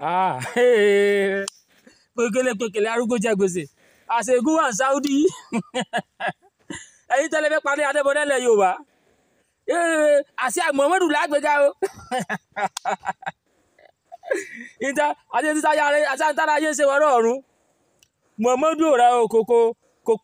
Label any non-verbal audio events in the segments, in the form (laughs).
ah pekele (laughs) pekele arúgbó jẹ gbèsè àṣegún wà ha ha ha, fẹ́ parí adébọdẹ lẹ yorùbá eh, àṣẹ àgbọmọdù lágbègà o (laughs) ìta àti títa yàrá àti ha ayé ṣe wọrọ ọrùn mọmọdù ọ̀rá kòkó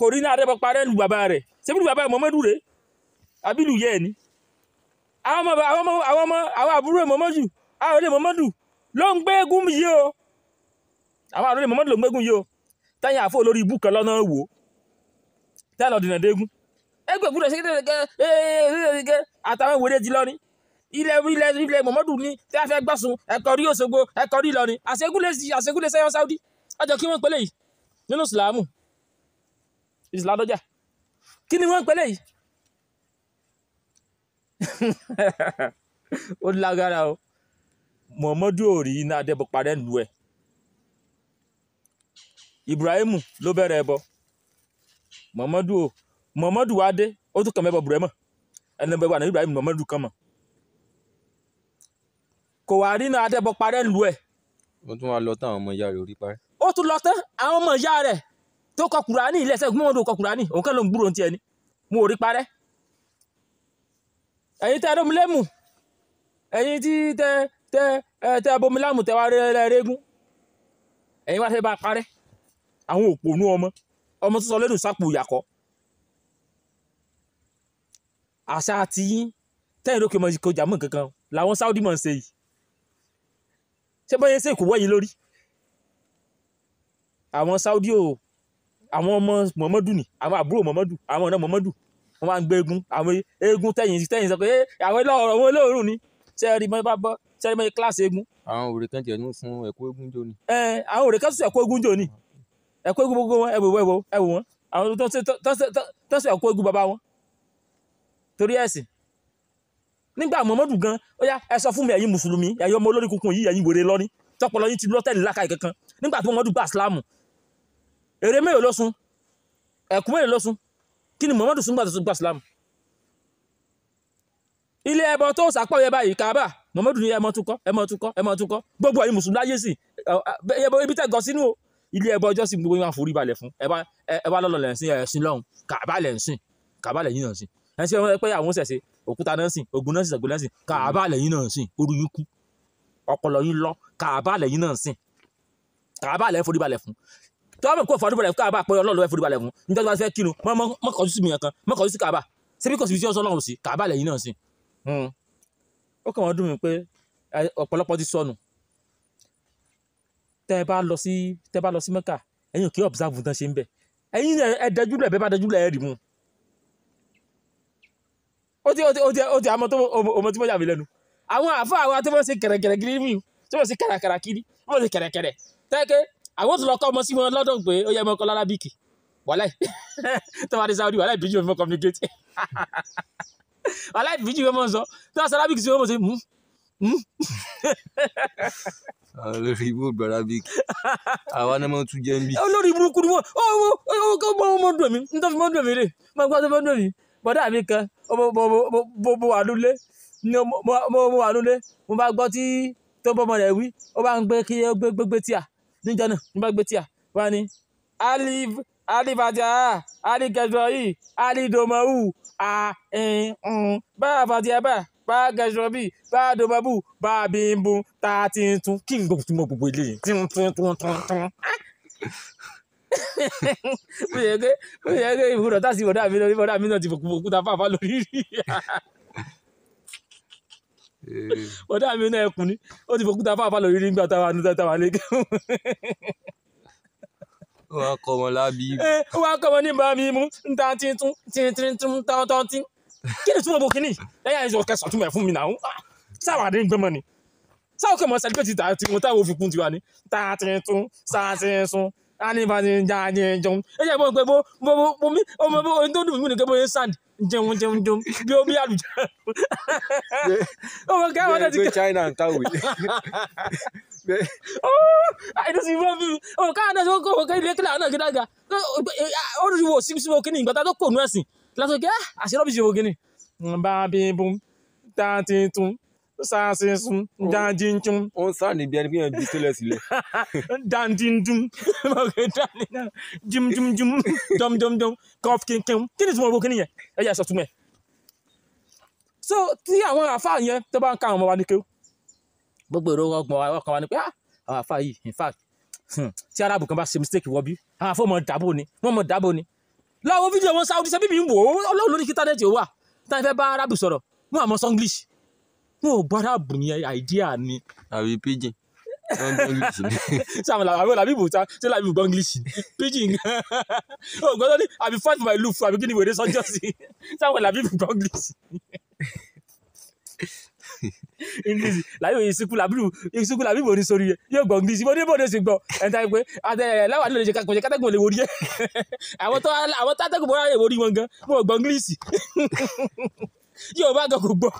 kòrí ní adébọ parẹ lu bàbá rẹ̀ ṣebí bàbá mọmọdù rẹ̀ àbí yẹ ni àwọn ọmọ àwọn ọmọ àwọn àbúrò Muhammadu, àwọn ọdẹ Muhammadu. ló ń gbégún yìí o àwọn àròlé Muhammadu ló ń gbégún yìí o táyà àfọ olórí ibù kan lọ́nà wò táyà lọ dènà dégún ẹgbẹ́ òkúta ṣe kékeré àtàwọn ìwéré ti lọ́rin ilẹ̀ ilẹ̀ ilẹ̀ Muhammadu ní tí a fẹ́ gbàsùn ẹ̀kọ́ rí Òṣogbo ẹ̀kọ́ rí Ìlọrin àṣegúnlé sẹ́yọ́ Saudi ọjọ́ kí wọ́n pẹ́lẹ́ yìí nínú Ìsìlámù Ìsìládọ́jà kí ni wọ́n pẹ́lẹ́ yìí (laughs) ó lágara o muhammadu ò rí iná adébọparẹ́ nù ẹ̀ ibrahim ló bẹ̀rẹ̀ ẹbọ muhammadu ò muhammadu wá dé ó tún kàn mẹ́bọ burẹ́mọ̀ ẹni bẹ́ẹ̀ wà ní ibrahim muhammadu kàn mọ́ kò wá rí iná adébọparẹ́ nù ẹ̀. ó tún wá lọ tán àwọn ọmọ ìyá rẹ̀ orí parẹ́. ó tún lọ tán àwọn ọmọ ìyá rẹ̀ tó kọ kùránì ilé ẹsẹ̀ gbọ́mọdé kọ kùránì òun kàn ló ń gbúròó tiẹ̀ ni mo ò rí parẹ́ ẹ̀yin tẹ́ ẹ lómi lẹ́mù ẹ̀yin tí tẹ́ tẹ́ tẹ́ bomi láàmù tẹ́ wá rẹ́rẹ́gún ẹ̀yin wá fẹ́ bá parẹ́ àwọn òpònú ọmọ ọmọ tó sọ lẹ́nu sápò ìyàkọ́ àṣà àti yín tẹ́yìn lókè mọ ìkọjà mọ́ nǹkan kan làwọn Saudi mọ̀ ń ṣe yìí ṣé bọ́yẹn ṣe kò wọ́yìn lórí àwọn Saudi o àwọn ọmọ Muhammadu ni àwọn àbúrò Muhammadu àwọn ọ̀nà Muhammadu wọ́n máa ń gbé eégún àwọn eégún tẹ́yìn tẹ́yìn sọ pé àwọn ọmọ olóòórùn ni ṣe rí mọ́ bá bọ́ ṣe rí mọ́ kíláàsì eégún. àwọn òrè kan tiẹ̀ ń sun ẹ̀kọ́ eégún jò ní. ẹ àwọn òrè kan sun ẹ̀kọ́ eégún jò ní ẹ̀kọ́ eégún gbogbo wọn ẹ̀wò ẹ̀wò ẹ̀wò wọn àwọn tó sun ẹ̀kọ́ eégún bàbá wọn torí ẹ̀sìn. nígbà Muhammadu gan ó yá ẹ sọ fún mi ẹ̀yin mùsùlùmí ẹ̀yin ọmọ olórí kunkun yìí ẹ̀yin wèrè lọ́ní tọpọlọ yín ti lọ́tẹ̀lì lákàyè kankan nígbà tí Muhammadu gba Ìsìlámù èrè mélòó ló sun ẹ̀kú mélòó ló sun kí ni Muhammadu sun gbà tó sun gba Ìsìlámù ilé ẹbọ tó sàpọ̀ yẹ báyìí kábà mọ̀mọ́dún ní ẹmọ túkọ́ ẹmọ túkọ́ ẹmọ túkọ́ gbogbo ẹ̀yin mùsùlùmí láyé sí ẹbọ ibi tẹ̀gọ́ sínú o ilé ẹbọ ọjọ́ sí gbogbo yẹn àforí balẹ̀ fún ẹbá lọ́lọ́ lẹ̀ sí ẹ̀sìn lọ́hùn kábà lẹ̀ ń sìn kábà lẹ̀ yín náà sìn ẹ̀sìn ọmọ pé àwọn sẹ̀sẹ̀ òkúta náà sìn ogun náà sìn sẹ̀gbọ́n náà sìn kábà lẹ̀ yín náà sìn orí yín kú ọpọlọ yín lọ kábà lẹ̀ yín náà sìn kábà lẹ̀ forí balẹ̀ fún tọ́wọ́ mọ̀ kó forí balẹ̀ fún kábà pé ọlọ́run ẹ̀ forí balẹ̀ fún nígbà tó bá fẹ́ kírun mọ́kànlú sí mi yẹn kan mọ́kànlú sí kábà ṣebí kò sí ibi tí ọsọ ọlọ́run sí kábà lẹ̀ yín náà sìn Hmm. ó kàn wọ́n dùn mí pé ọ̀pọ̀lọpọ̀ ti sọnù tẹ́ ẹ bá lọ sí tẹ́ ẹ bá lọ sí mẹ́kà ẹ̀yin ò kí observe tán ṣe ń bẹ̀ ẹ̀yin ẹ dẹjúlẹ̀ bẹ́ẹ̀ bá dẹjúlẹ̀ ẹ̀ rí mu ó ti ó ti ó ti ó ti àmọ́ tó ọmọ tí mo yà mí lẹ́nu àwọn àfa àwọn tí wọ́n ṣe kẹ̀rẹ̀kẹ̀rẹ̀ kiri mi tí wọ́n ṣe kàràkàrà kiri wọ́n ṣe kẹ̀rẹ̀kẹ̀rẹ̀ tẹ́kẹ́ àwọn tó lọ kọ́ ọmọ sí wọn lọ́dọ̀ pé ó yẹ ọmọ kọ́ lárábìkì wàláì (laughs) tó bá dé sáwọ́dì wàláì bí jù fún communicate (laughs) aláì fíjì wọ́n mọ̀ sọ tí wọ́n sọ arábìkì sí wọ́n mọ̀ sí olórí ibú gbọ́dọ̀ bí àwa náà máa tún jẹ́ ń bí. olórí burúkú ni wọn ó ó ó kó bọ́ ọmọ dùn mí nítorí fi mọ́ dùn mí rè máa gbọ́ tó fẹ́ dùn mí bọ́dà mi kan mo wà lólé mo wà lólé mo bá gbọ́ tí tó bọ́ ọmọ rẹ̀ wí ó bá ń gbé kí ó gbé gbé tíà níjọ náà mo bá gbé tíà wá ní alif alifajah alikẹjọ yìí alidomawu a n e, n bá a fàtí ẹ bá bá a gẹṣọ bí bá a dọba bù bá a bí n bu tá a ti ń tún kí n gbọ́ tí mo gbogbo ilé yìí tí n tún tún tún tún. mo yẹ kí mo yẹ kí ìbúdọ̀ tá a sì bọ̀dá mi lórí bọ̀dá mi náà ti fòkú fòkú ta fáfá lórí rí eh. bọ̀dá mi náà ẹkùn ni ó ti fòkú fáfá lórí rí nígbà táwa nígbà táwa lé wọ́n kọ́ wọn lábí. (laughs) Eh, wọ́n kọ́ wọn ní bá mi mú nta títún títún tọ́tọ́ tí. kí ni túmọ̀ bó kíní lẹ́yìn àìsàn kẹsàn-án túmọ̀ ẹ̀ fún mi náà ah, sáwà dé gbẹ́mọ̀ ni sáwà kẹ́mọ̀ sẹ́lẹ̀ tí tàà tí mo táwọn òfin kún tiwa ni tàà títún sáà títún anibadi jáde jẹun ẹ jẹ́ bọ́ pé bó bó bó mi ọmọ bó ohun tó dùn mí nìkan yẹn sand jẹun jẹun jẹun bí omi àlùjá (laughs) ọmọ kẹwàá náà ti kẹ. (laughs) ayi tó sì fọ́ fún mi ọmọ káwọn náà ṣe wọ́n kọ́ ọmọ ilé kílà náà gíga ga ó lè wò sí síbò kíní ìgbà tó kò nú ẹ̀sìn lásán kí àṣẹ lọ́bì ṣe wò kíní. bá a bí bum tá a ti tún sáàsì sun oh. dandindun. ó ń sáà níbi ẹni bí yẹn ju sílẹ̀ sílẹ̀. dandindun jimjimjim jomjomjom kọf kínkín kí ni tùmọ̀ kíní yẹn ẹ yẹ sọ túmọ̀ ẹ̀. so tí àwọn àfáà yẹn tó bá ń ká àwọn ọmọ wa ní kéwù gbogbo èrò ọgbọ̀n ọkàn wa ni pé ah, àwọn àfa yìí in fact hmm, tí arábù kan bá ṣe mistake wọ bí àwọn afọ mọ dábò ni wọn mọ dábò ni láwọn fídíò wọn sáwọ́dí ṣe bíbí ń wò ó ọlọ́run lórí íńtánẹ́ẹ̀tì ó wà táwọn fẹ́ bá arábù sọ̀rọ̀ wọn àmọ́ sanglish wọn ò bá arábù ní àìdíà ni. àbí pidgin gbọ́nglish ni. sáà (laughs) àwọn làbí bò ta ṣé làbí gbọ́nglish pidgin o (laughs) gbọ́dọ̀ ní àbí fight my loof àbí kí ni wèrè sọ́jọ́ sí sáà àwọn làbí gbọ́nglish. (laughs) (laughs) english láyé òye ìsìnkú làbíbù ìsìnkú làbíbù ní sórí yẹ yóò gbọ́ english bọ́dé bọ́dé sì gbọ́ ẹ̀ńtà pé láwa nílò ìṣe kátẹ́gùn lè wòrí yẹ (laughs) àwọn tó àtẹ́gùn bọ́dá lè wòrí wọn gan wọn ò gbọ́ english (laughs) yóò bá gan kò gbọ́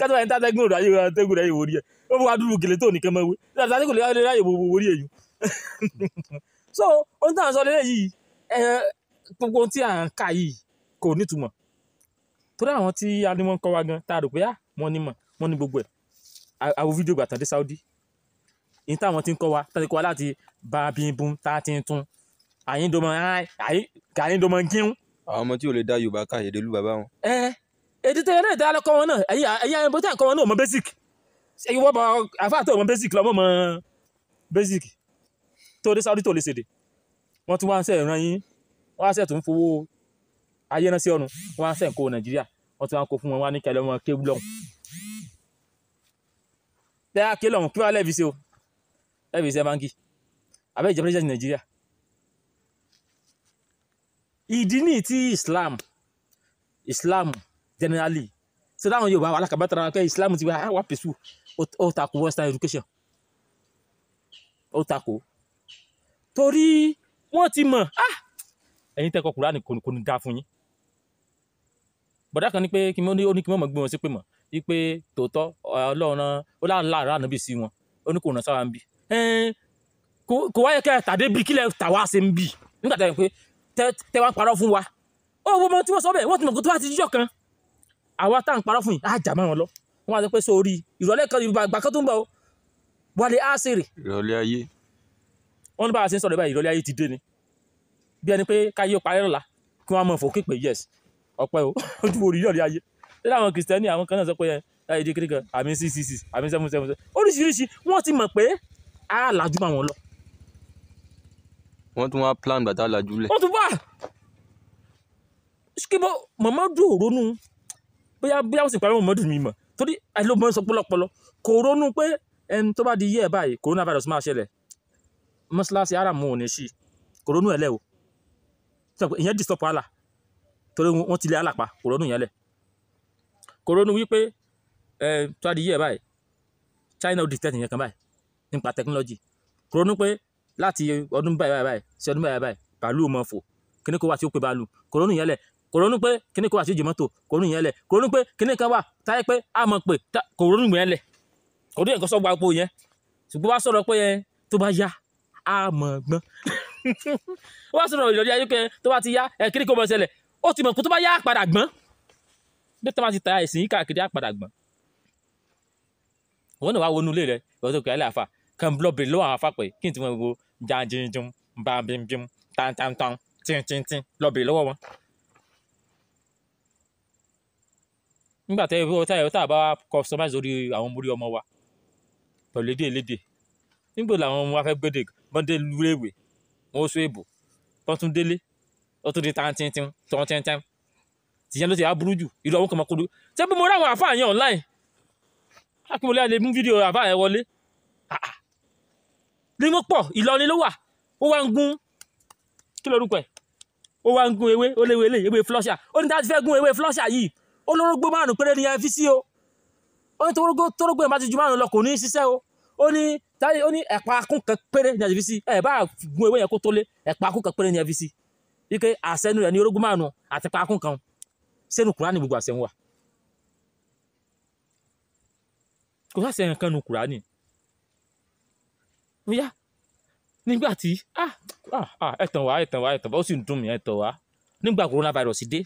kátó ẹ̀ńtà tẹ́gùn rẹ̀ àtẹ́gùn rẹ̀ wòrí yẹ ó bọ́ adúlù gèlè tó nìkan mọ́ wé so ohun tí torí àwọn tí alimọ̀ ń kọ́ wa gan tá a rò pé à ah, wọ́n ní mọ̀ wọ́n ní gbogbo ẹ̀ àwo fídíò gbà tán dé Saudi ní táwọn ti ń kọ́ wa tàbí kọ́ wa láti bá a bí bun tá a ti ń tún àyíndomọ̀ àyíndomọ̀ gíhún. àwọn ọmọ tí ò lè dá Yorùbá ká èdè lù bàbá wọn. ẹ èdè tẹ ẹrẹ ìdá lọkọ wọn náà ẹyà ẹyà ẹbí tí àkọ wọn náà mọ basic ẹyìn wọ́n bọ àfa àtọ̀ mọ basic lọ́mọ mọ basic tó dé Saudi tó lè ṣèdè wọ́n tún wá ń sẹ́ ìran yín wọ́n á sẹ́ tó fowó ayé náà sí ọ̀nù wọ́n á sẹ́ǹkó nàìjíríà wọ́n ti wá ń kó fún wọn wá ní kẹlẹ́ wọn kéwú lọ́hùn. tẹ́lá ké lọ́hùn kí wọ́n lẹ́ẹ̀fi ṣe o lẹ́ẹ̀fi ṣe báńkì abẹ́ ìjọba ìjọba nàìjíríà. ìdí nìyí tí islam islam generally ṣe dáhùn yorùbá alákàbátara wọn pé islam ti wá wá pèsè ó takò western education ó takò torí wọ́n ti mọ̀ ah ẹ̀yin tẹ́kọ̀ kúránì kò ní dáa fún yín bọ̀dá kan ní pé kí ó ní kí mọ̀mọ́ gbé wọn sí pé mọ̀ wípé tòótọ́ ọlọ́run ó láàárọ̀ ànábì sí wọn ó ní kò ràn sára ń bì kò wáyé kẹ́ tàdé bí kílẹ̀ tà wá ṣe ń bì nígbà tẹ̀ pé tẹ́ wá ń parọ́ fún wa ó wọ́n mọ tí wọ́n sọ bẹ́ẹ̀ wọ́n ti mọ̀ kó tó bá ti jíjọ́ kan àwa tá à ń parọ́ fún yìí á jà máa wọn lọ wọ́n á sọ pé sórí ìrọ̀lẹ́ kan ìgbà kan tó ń bọ̀ wálé á sèrè. ìrọ̀lẹ́ ayé. wọ́n ní bá a ṣe ń sọ̀rọ̀ báyìí ìrọ̀lẹ́ ayé ti dé ni bí ẹni pé káyé parẹ́ lọ́la kí wọ́n á mọ̀ fòkè pé yes ọpẹ́ o ojú wo rìyọ̀ rí ayé lẹ́yìn àwọn kìrìsìtẹ́nì àwọn kan náà sọ pé ẹ èdè kékeré àmì six six six àmì seven seven seven oríṣiríṣi wọ́n ti mọ̀ pé ara làjú bá wọn lọ. wọ́n tún wá plan bàtà làjú lẹ̀. wọ́n tún wá kíbo Muhammadu ronú bóyá bóyá ó sì parí Muhammadu mi mọ̀ torí àìlóbọ̀ sọ pọlọpọlọ kò ronú pé ẹni tó bá di yẹ́ ẹ̀ báyìí coronavirus máa ṣẹlẹ̀ mọ́ṣáláṣí ara mu ò ní ṣí kò ronú ẹ̀ lẹ́ o ìyẹn dìstọ́pù àlà torí wọ́n ti lé alàpá kò ronú yẹn lẹ̀ kò ronú wípé ẹ tó adìyí ẹ báyìí China ó dictate yẹn kan báyìí nípa technology kò ronú pé láti ọdún báyìí báyìí sí ọdún báyìí báyìí bàálù ò mọ fò kíní kó wà tí ó pe bàálù kò ronú yẹn lẹ̀ kò ronú pé kíní kan wà tí ó jẹ mọ́tò kò ronú yẹn lẹ̀ kò ronú pé kíní kan wà táyé pé a mọ̀ pé kò ronú yẹn lẹ̀ kò ronú yẹn kan sọ́gbà po yẹn ṣùgbọ́n wá sọ̀rọ̀ pé tó bá yá a mọ̀ gbọ́n (laughs) wá sọ̀rọ̀ ìlọ́dí ayé pé tó bá ti yá kíní kó mọ̀ ṣẹlẹ̀ ó ti mọ̀ pé tó bá yá àpàdà gbọ́n bí tó bá ti ta ẹ̀sìn yìí káàkiri àpàdà gbọ́n òun náà wá wọnú ilé rẹ ìwọ tó kọ ẹ láàfà kàn ń lọ́ọ̀bì lọ́wọ́ àwọn afápẹ́ kí n ti wọn wo jájínjún bámbínbín tántántáń tíntíntín lọ́ọ̀bì lọ́wọ́ wọn. nígbà tẹ́ ẹ tá a bá kọ sọmáìsì orí àwọn mórí ọmọ wa pẹ̀lú èdè elédè nígbà làwọn ọmọ wa fẹ́ gbédè bọ́ndé lúrèwé wọn ó sọ èbò tọ́tún délé ó tún di tan tíntín tán tíntín tìyẹn ló ti aburú jù ìlú àwọn kan máa kodo ṣé bí mo ráwọn àfáà yẹn online akínwọlé àlè mú fídíò àfáà yẹn wọlé ah, ah. ní mo pọ̀ Ìlọrin ló wà ó wá ń gún kí lorúkọ ẹ̀ ó wá ń gún ewé ó léwu eléyìí ewé flọ́ṣà ó ní táti fẹ́ gún ewé flọ́ṣà yìí ó lórógbó márùn péré ní ẹ fi sí o ó ní torógbó ẹ̀ bá ti ju márùn lọ kò ní ṣiṣẹ́ o ó ní táyé ó ní ẹ̀pà akún kan péré ní ẹ fi sí ẹ̀ bá gún ewé yẹn kó tó lé ẹ̀pà akún kan péré ní ẹ fi sí wípé àṣẹnu rẹ̀ ní orógún márùn àti paakún kan sẹ́nu kùránì gbogbo àṣẹ wà kò sáṣẹ nǹkan nu kùránì bóyá nígbà tí ah, ah, ah, ẹ tàn wá ẹ tàn wá ẹ tàn wá ó sì ń dùn mí ẹ tàn wá nígbà coronavirus dé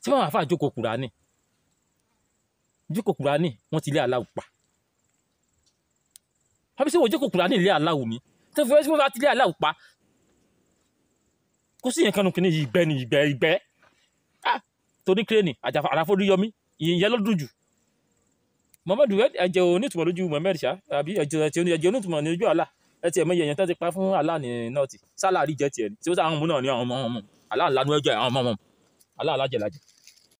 tí wọn àfa àjókòó kùránì jókòó kùránì wọn ti lé aláwù pa àbí sẹ́wọ̀n jókòó kùránì lé aláwù ni tí wọn fi wọ́n ti lé aláwù pa kó sì yẹn kánú kìíní yìí ìgbẹ́ ni ìgbẹ́ ìgbẹ́ ah torí kírénì àràfọ́dún yọmí ìyẹn ló dùn jù Muhammad wed ẹ̀jẹ̀ onítùmọ̀ lójú Muhammad ṣá àbí ẹ̀jẹ̀ onítùmọ̀ lójú àlà ẹ tiẹ̀ mọ ìyẹn tán ti pa fún àlà ní nọ́ọ̀tì sálárì jẹ́ tiẹ̀ tí ó sáà ń mú náà ní àwọn ọmọ ọmọ àlà ńlá ní ẹjọ́ àwọn ọmọ ọmọ àlà alájẹ̀lájẹ̀